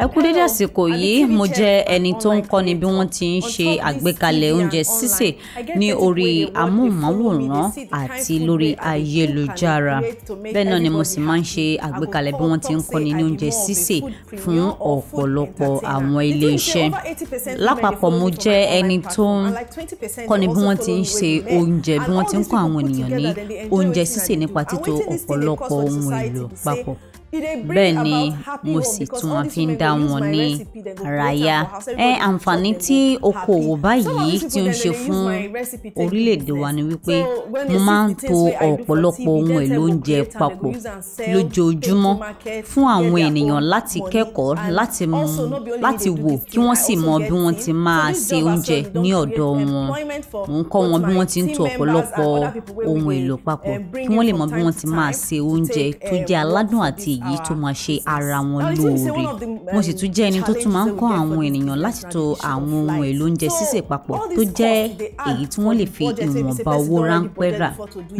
ẹ kú dédé àsìkò yìí mo jẹ́ ẹni tó ń kọ́ni bí wọ́n ti ń ṣe àgbékalẹ̀ oúnjẹ sísè ní orí amóhùnmáwòrán àti lórí ayélujára bẹ́ẹ̀ náà ni mo sì máa ń ṣe àgbékalẹ̀ bí wọ́n ti ń kọ́ni ní oúnjẹ sísè fún ọ̀pọ̀lọpọ̀ àwọn iléeṣẹ́ lápapọ̀ mo jẹ́ ẹni tó ń kọ́ni bí wọ́n ti ń ṣe oúnjẹ bí wọ́n ti ń kọ́ àwọn ènìyàn ní oúnjẹ sísè nípa títò ọ̀pọ̀lọpọ̀ ohun èlò papọ̀ bẹ́ẹ̀ ni mo sì tún máa fi ń dá wọn ní àráyá ẹ àǹfààní tí okòwò báyìí tí ó ń ṣe fún orílẹ̀-èdè wa ni eh. wípé mo máa ń to ọ̀pọ̀lọpọ̀ ohun èlò oúnjẹ papọ̀ lójoojúmọ́ fún àwọn ènìyàn láti kẹ́kọ̀ọ́ láti mú láti wò kí wọ́n sì mọ bí wọ́n ti máa ṣe oúnjẹ ní ọ̀dọ̀ wọn mò ń kọ́ wọn bí wọ́n ti ń to ọ̀pọ̀lọpọ̀ ohun èlò papọ̀ kí wọ́n lè mọ bí wọ́n ti máa ṣe oúnjẹ tó jẹ́ aládùn àti èyí tó máa ṣe ara wọn lóore mo sì tún jẹ́ ẹni um, tó tún máa ń kọ́ àwọn ènìyàn láti to àwọn ohun èlò oúnjẹ sísè papọ̀ tó jẹ́ èyí tí wọ́n lè fi ìwọ̀nba owó ráńpẹ́ rà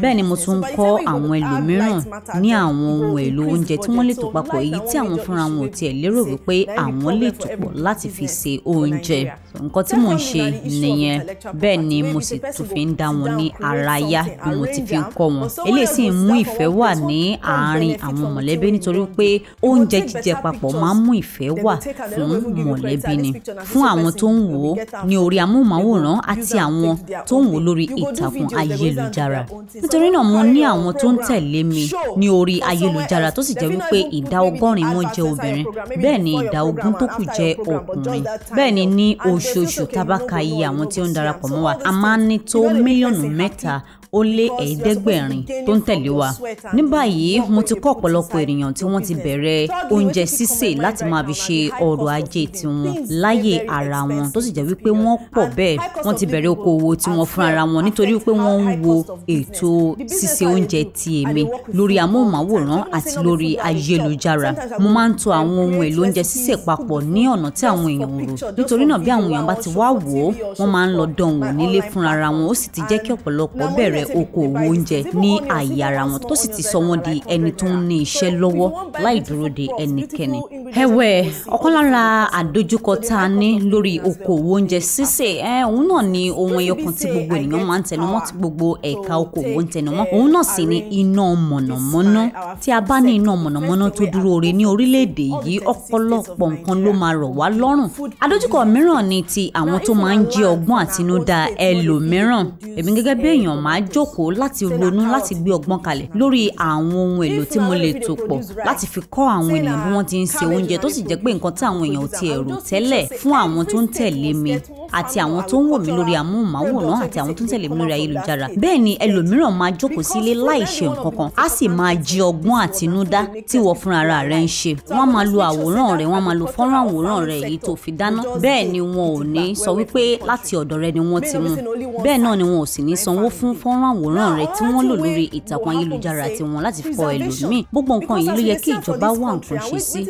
bẹ́ẹ̀ ni mo tún ń kọ́ àwọn ẹlòmíràn ní àwọn ohun èlò oúnjẹ tí wọ́n lè tò papọ̀ èyí tí àwọn fúnra wọn ò tiẹ̀ lérò wípé àwọn lè tò pọ̀ láti fi ṣe oúnjẹ nǹkan tí mò ń ṣe nìyẹn bẹ́ẹ̀ ni mo sì tún fi ń dá wọn ní ara yá bí mo ti fi ń kọ́ wọn eléyìí sì ń mú ìfẹ́ wà ní àárín àwọn mọ̀lẹ́bí nítorí nítorí pé oúnjẹ jíjẹ papọ̀ máa ń mú ìfẹ́ wà fún mọ̀lẹ́bí ni fún àwọn tó ń wò ó ní orí amóhùnmáwòrán àti àwọn tó ń wò ó lórí ìtàkùn ayélujára nítorí náà mo ní àwọn tó ń tẹ̀lé mi ní orí ayélujára tó sì jẹ́ wípé ìdá ọgọ́rin wọn jẹ́ obìnrin bẹ́ẹ̀ ni ìdá ogún tó kù jẹ́ ọkùnrin bẹ́ẹ̀ ni ní oṣooṣù tábàkà iye àwọn tí ó ń darapọ̀ mọ́ wa a máa ń ní tó mílíọ̀nù mẹ́ta ó lé ẹ̀ẹ́dẹ́gbẹ̀rin tó ń tẹ̀lé wa. ní báyìí mo ti kọ́ ọ̀pọ̀lọpọ̀ ènìyàn tí wọ́n ti bẹ̀rẹ̀ oúnjẹ sísè láti máa fi ṣe ọrọ̀ ajé tiwọn láyé ara wọn tó sì jẹ́ wípé wọ́n pọ̀ bẹ́ẹ̀ wọ́n ti bẹ̀rẹ̀ okòwò tiwọn fún ara wọn nítorí wípé wọ́n ń wo ètò sísè oúnjẹ ti èmi lórí amóhùnmáwòrán àti lórí ayélujára mo máa ń to àwọn ohun èlò oúnjẹ sísè papọ̀ ní ọ̀nà tí àwọn èèyàn rò nítorí náà bí àwọn èèyàn bá ti wá wò ó wọ́n máa ń lọ dán wò nílé fúnra wọn ó sì ti jẹ́ kí ọ̀pọ̀lọpọ̀ bẹ̀rẹ̀ bẹ̀rẹ̀ okòwò oúnjẹ ní ààyè ara wọn tó sì ti sọ wọ́n di ẹni tó ń ní iṣẹ́ lọ́wọ́ láì dúró de ẹnikẹ́ni. ẹ̀wẹ̀ ọ̀kan lára àdójúkọ tá a ní lórí okòwò oúnjẹ sísè òun náà ni ohun ẹyọ tí gbogbo ènìyàn máa ń tẹnu tí gbogbo ẹ̀ka okòwò ń tẹnu òun náà sì ni iná mọ̀nàmọ́ná tí a bá ní iná mọ̀nàmọ́ná tó dúró re ní orílẹ̀-èdè yìí ọ̀pọ̀lọpọ̀ nǹkan ló máa rọ̀ wá lọ́rùn àdójúkọ mìíràn ni ti àwọn tó máa ń jẹ́ ọgbọ́n àtinúdá ẹlòmíràn èmi gẹ́gẹ́ bí èèyàn máa jókòó láti ronú láti gbé ọgbọ́n kalẹ̀ lórí àwọn ohun èlò tí mo lè tò pọ̀ láti fi kọ́ àwọn ènìyàn bí wọ́n ti ń ṣe oúnjẹ tó sì jẹ́ pé nǹkan tí àwọn èèyàn ò ti ẹ̀rù tẹ́lẹ̀ fún àwọn tó ń tẹ̀lé mi àti àwọn tó ń wò mí lórí amóhùnmáwòrán àti àwọn tó ń tẹ̀lé mi lórí ayélujára bẹ́ẹ̀ ni ẹlòmíràn máa jókòó sílé láì ṣe nǹkan kan á sì máa jí ọgbọ́n àtinúdá tí wọ́n fúnra rẹ̀ ń ṣe wọ́n máa lo àwòrán rẹ̀ wọ́n máa lo fọ́nrán àwòrán rẹ̀ èyí tó fi dáná bẹ́ẹ̀ ni wọn ò ní sọ wípé láti ọ̀dọ̀ rẹ ni wọ́n ti mú bẹ́ẹ̀ náà ni wọn ò sì ní sanwó fún fọ́nrán ń rán àwòrán rẹ̀ tí wọ́n lò lórí ìtàkùn ayélujára tiwọn láti fọ ẹlòmíì gbogbo nǹkan yìí ló yẹ kí ìjọba wá nǹkan ṣe sí.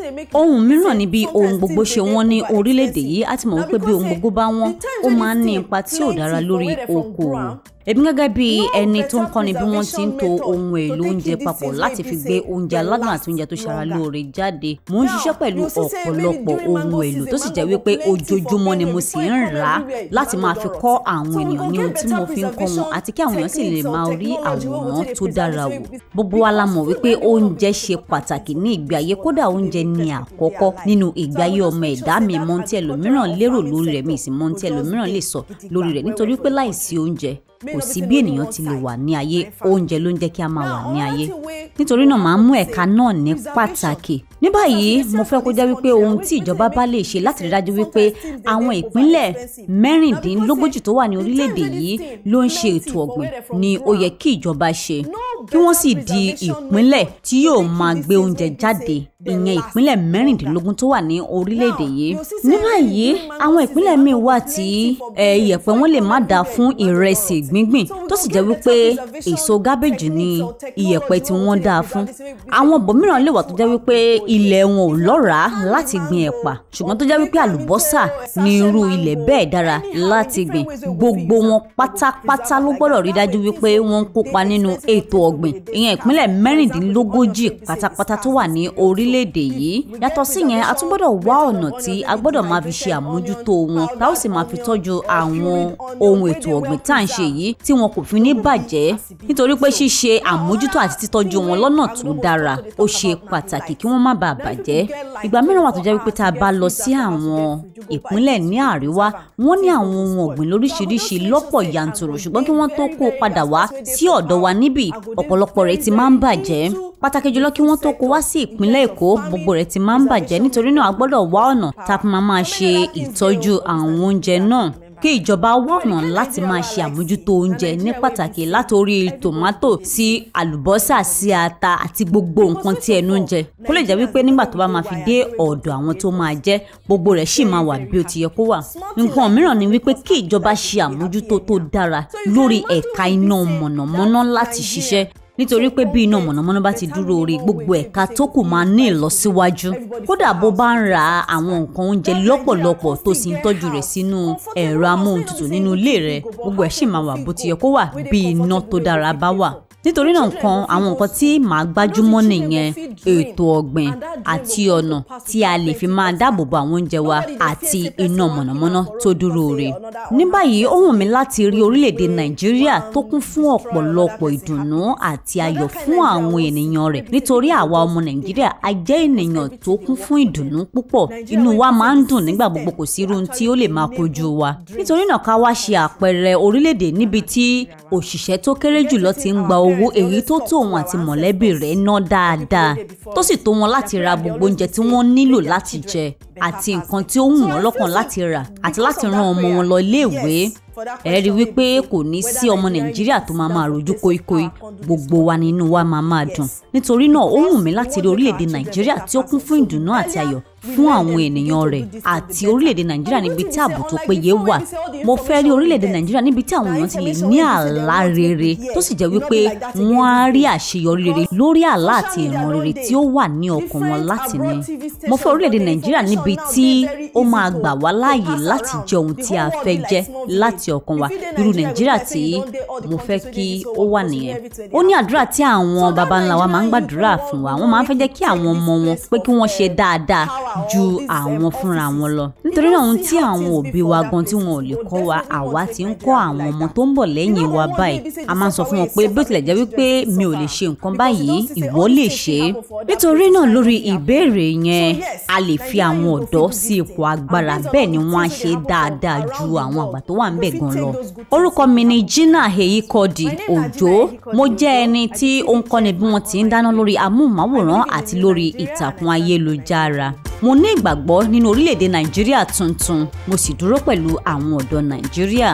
ohun mìíràn ni bí ohun gbogbo ṣe wọ́n ní orílẹ̀-èdè yìí á mọ̀ wípé bí ohun gbogbo bá eh, wọ́n ó máa ń ní ipa tí ò dára lórí okòòwò èmi gẹ́gẹ́ bí ẹni tó ń kọ́ni bí wọ́n ti ń to ohun èlò oúnjẹ papọ̀ láti fi gbé oúnjẹ aládùn àti oúnjẹ tó ṣara lóore jáde mò ń ṣiṣẹ́ pẹ̀lú uh, ọ̀pọ̀lọpọ̀ ohun èlò tó sì jẹ́ wípé ojoojúmọ́ ni mo sì ń rà á láti máa fi kọ́ àwọn ènìyàn ní ohun tí mo fi ń kọ́ wọn àti kí àwọn èèyàn sì lè máa rí àwòrán tó dára wò gbogbo wa la mọ̀ wípé oúnjẹ ṣe pàtàkì ní ìgbé ayé kódà oúnjẹ ni àkọ́kọ́ nínú ìgbé ayé ọmọ ẹ̀dá mi mọ́ tí ẹlòmíràn lérò lórí rẹ̀ mi sì mọ́ tí ẹlòmíràn lè sọ lórí rẹ̀ nítorí pé láìsí oúnjẹ kò sí bí ènìyàn ti lè wà ní ayé oúnjẹ ló ń jẹ́ kí a máa wà ní ayé nítorí náà màá mú ẹ̀ka náà ní pàtàkì ní báyìí mo fẹ́ kó jẹ́ wípé ohun tí ìjọba bá lè ṣe láti rí dájú wípé àwọn ìpínlẹ̀ mẹ́rìndínlógójì tó wà ní orílẹ̀-èdè yìí ló ń ṣe ètò ọ̀gbìn ni ó yẹ kí ìjọba ṣe kí wọ́n sì di ìpínlẹ̀ tí yóò máa gbé oúnjẹ jáde ìyẹn ìpínlẹ̀ mẹ́rìndínlógún tó wà ní orílẹ̀-èdè yìí. ní báyìí àwọn ìpínlẹ̀ míì wà tí ìyẹ̀pẹ̀ wọn lè má dáa fún ìrẹsì gbíngbìn tó sì jẹ́ wípé èso gábéjì ni ìyẹ̀pẹ̀ tí wọ́n dáa fún àwọn bòmíràn lè wà tó jẹ́ wípé ilẹ̀ wọn ò lọ́ràá láti gbin ẹ̀pà ṣùgbọ́n tó jẹ́ wípé àlùbọ́sà ní irú ilẹ̀ bẹ́ẹ̀ dára láti gbìn gbogbo wọn pátápátá ló gbọ́dọ̀ rí dájú wípé wọ́n ń kópa nínú ètò ọ̀gbìn ìyẹn ìpínlẹ̀ mẹ́rìndínlógójì pátápátá tó wà ní orílẹ̀-èdè yìí yàtọ̀ sí yẹn a tún gbọ́dọ̀ wá ọ̀nà tí a gbọ́dọ̀ máa fi ṣe àmójútó wọn tá ó sì máa fi tọ́jú àwọn ohun ètò ọ̀gbìn tá à ń ṣe yìí tí wọn kò fi ní bàjẹ́ nítorí pé ṣíṣe àmójútó àti títọ́jú wọn lọ́nà tó dára lára ó ṣe pàtàkì kí wọ́n má bàa bàjẹ́ ìgbà mìíràn wà tó jẹ́ wípé tá a bá lọ sí àwọn ìpínlẹ̀ ní àríwá wọ́n ní àwọn ohun ọ̀gbìn lóríṣiríṣi lọ́pọ̀ yanturu ṣùgbọ́n kí wọ́n tó kó padà wá sí ọ̀dọ̀ wa níbí ọ̀pọ̀lọpọ̀ rẹ̀ ti máa ń bàjẹ́ pàtàkì jùlọ kí wọ́n tó kó wá sí ìpínlẹ̀ èkó gbogbo rẹ̀ ti máa ń bàjẹ́ nítorí náà a gbọ́dọ̀ wá ọ̀nà tá a fi máa máa ṣe ìtọ́jú àwọn oúnjẹ náà kí ìjọba wá ọ̀nà láti máa ṣe àmójútó oúnjẹ ní pàtàkì látòrí tòmátò sí àlùbọ́sà sí ata àti gbogbo nǹkan tí ẹnu ń jẹ kó lè jẹ́ wípé nígbà tó bá máa fi dé ọ̀dọ̀ àwọn tó máa jẹ gbogbo rẹ̀ sì máa wà bí ó ti yẹ kó wà nǹkan mìíràn ni wípé kí ìjọba ṣe àmójútó tó dára lórí ẹ̀ka iná mọ̀nàmọ́ná láti ṣiṣẹ́ nítorí pé bí iná mọ̀nàmọ́ná bá ti dúró orí gbogbo ẹ̀ka tó kù máa ní ìlọsíwájú kódà bó bá ń ra àwọn nǹkan oúnjẹ lọ́pọ̀lọpọ̀ tó sì ń tọ́jú rẹ̀ sínú ẹ̀rọ amóhuntutù nínú ilé rẹ̀ gbogbo ẹ̀ sì máa wà bó ti yẹ kó wà bí iná tó dára bá wà nítorí náà nǹkan àwọn nǹkan tí màá gbájúmọ́ nìyẹn ètò ọ̀gbìn àti ọ̀nà tí a lè fi máa dáàbò bo àwọn oúnjẹ wa àti iná mọ̀nàmọ́ná tó dúró re. ní báyìí ó wù mí láti rí orílẹ̀-èdè nàìjíríà tó kún fún ọ̀pọ̀lọpọ̀ ìdùnnú àti ayọ̀ fún àwọn ènìyàn rẹ̀ nítorí àwa ọmọ nàìjíríà a jẹ́ ènìyàn tó kún fún ìdùnnú púpọ̀ inú wa máa ń dùn nígbà gbogbo kò sí irun tí ó lè máa kojú wa nítorí náà ká owó èyí tó tó òun àti mọ̀lẹ́bí rẹ̀ ná dáadáa tó sì tó wọn láti ra gbogbo oúnjẹ tí wọ́n nílò láti jẹ àti nǹkan tí ó wù wọ́n lọ́kàn láti rà àti láti rán ọmọ wọn lọ iléèwé ẹ rí i wípé kò ní sí ọmọ nàìjíríà tó máa máa rojú kóikói gbogbo wa nínú wa máa máa dùn nítorí náà ó wù mí láti rí orílẹ̀-èdè nàìjíríà tí ó kún fún ìdùnnú àti ayọ̀ fún àwọn ènìyàn rẹ̀ àti orílẹ̀-èdè nàìjíríà níbi tí ààbò tó péye wà mo fẹ́ rí orílẹ̀-èdè nàìjíríà níbi tí àwọn èèyàn ti lè ní àlá rere tó sì jẹ́ wípé wọ́n á rí àṣeyọrí rere lórí àlá àti ìran rere tí ó wà ní ọkàn wọn láti ní mo fẹ́ orílẹ̀-èdè nàìjíríà níbi tí ó máa gbà wá láàyè láti jẹ ohun tí a fẹ́ jẹ́ láti ọkàn wa irú nàìjíríà tí mo fẹ́ kí ó wà nìyẹn ó ní àdúrà tí àwọn baba máa ń gbàdúrà fún wa wọ́n máa ń fẹ́ jẹ́ kí àwọn ọmọ wọn pé kí wọ́n ṣe dáadáa ju um, àwọn fúnra wọn lọ nítorí náà ohun tí àwọn òbí wa gan tí wọn ò lè kọ́ wa àwa ti ń kọ́ àwọn ọmọ tó ń bọ̀ lẹ́yìn wa báyìí a máa ń sọ fún wọn pé bó tilẹ̀ jẹ́ wípé mi ò lè ṣe nǹkan báyìí ìwọ lè ṣe é nítorí náà lórí ìbéèrè yẹn a lè fi àwọn ọ̀dọ́ sí ipò agbára bẹ́ẹ̀ ni wọ́n á ṣe dáadáa ju àwọn àgbà tó wà ń bẹ̀ gan lọ orúkọ mi ni Gina Eyikodi Òjó mo jẹ́ ẹni tí ó ń kọ́ni bí wọ́n ti ń dáná lórí amóhùnmáwòrán àti lórí ìtàkùn ayélujára mo ní ìgbàgbọ́ nínú orílẹ̀-èdè nàìjíríà tuntun mo sì dúró pẹ̀lú àwọn ọ̀dọ́ nàìjíríà